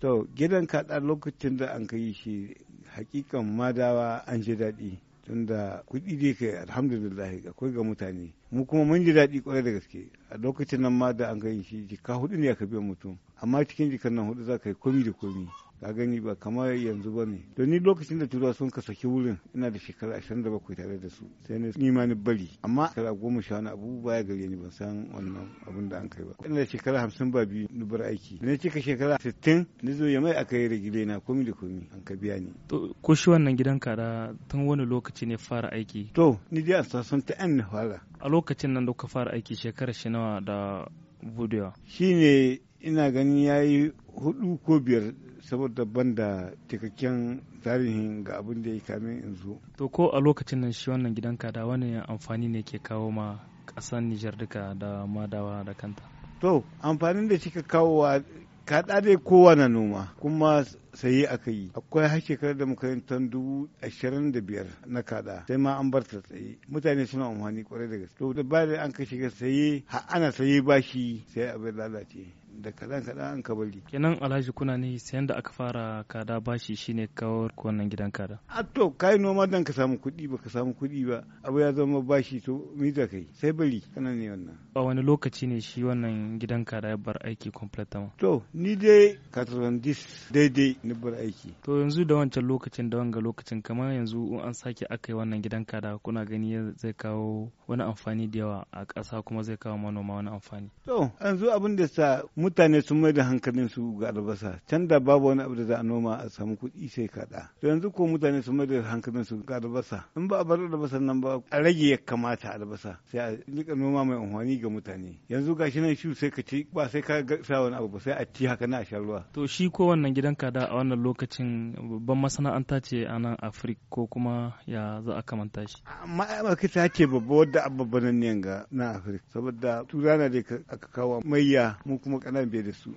To gidan kaɗa lokacin da an kai shi hakikan madawa an ji daɗi tunda kuɗi dai kai alhamdulillah akwai ga mutane mu kuma mun ji daɗi kwarai da gaske a lokacin nan ma da an kai shi jika hudu ne aka biya mutum amma cikin jikan nan hudu za ka yi komi da komi ka gani ba kamar yanzu ba ne to ni lokacin da turawa sun ka saki wurin ina da shekara ashirin da bakwai tare da su sai na ni ma ni bari amma shekara goma sha wani abu baya gare ni ban san wannan abun da an kai ba ina da shekara hamsin ba biyu ni bar aiki na cika shekara sittin ni zo ya mai aka yi rigile na komi da komi an ka biya ni. to ko shi wannan gidan kara tun wani lokaci ne fara aiki. to ni dai a sasan ta yan fara. a lokacin nan da kuka fara aiki shekarar shi nawa da budewa. shi ne ina ganin ya yi hudu ko biyar saboda ban da cikakken tarihin ga abin da ya kamin in zo. To ko a lokacin nan shi wannan gidan kada wani amfani ne ke kawo ma ƙasar Nijar duka da madawa da kanta? To amfanin da ka kawo wa kaɗa dai kowane noma kuma saye aka yi akwai shekarar da makarantar dubu ashirin da biyar na kada sai ma an bar ta tsaye mutane suna amfani kwarai da gaske to da bayan an kashe saye ha ana saye bashi sai abin lalace da kaɗan kaɗan an ka bari kenan alhaji kuna ne sayan da aka fara kada bashi shine kawar wannan gidan kada a to kai noma dan ka samu kuɗi ba ka samu kuɗi ba abu ya zama bashi to mi za kai sai bari kana ne wannan a wani lokaci ne shi wannan gidan kada ya bar aiki complete tamam to ni dai 90 daidai ni bar aiki to yanzu da wancan lokacin da wanga lokacin kamar yanzu in an sake aka yi wannan gidan kada kuna gani zai kawo wani amfani da yawa a ƙasa kuma zai kawo manoma wani amfani to yanzu abin da sa mutane sun mai da hankalin su ga albasa can da babu wani abu da za a noma a samu kuɗi sai kaɗa to yanzu ko mutane sun mai da hankalin su ga albasa in ba a bar albasa nan ba a rage ya kamata albasa sai a rika noma mai amfani ga mutane yanzu gashi nan shu sai ka ci ba sai ka ga sa wani abu ba sai a ci haka na a sha ruwa to shi ko wannan gidan kada a wannan lokacin babban masana'anta ce a nan afirka ko kuma ya za a kamanta shi ma'aikata ce babba wadda abba ne ga na afirka saboda turana da aka kawo mayya mu kuma nan bai da su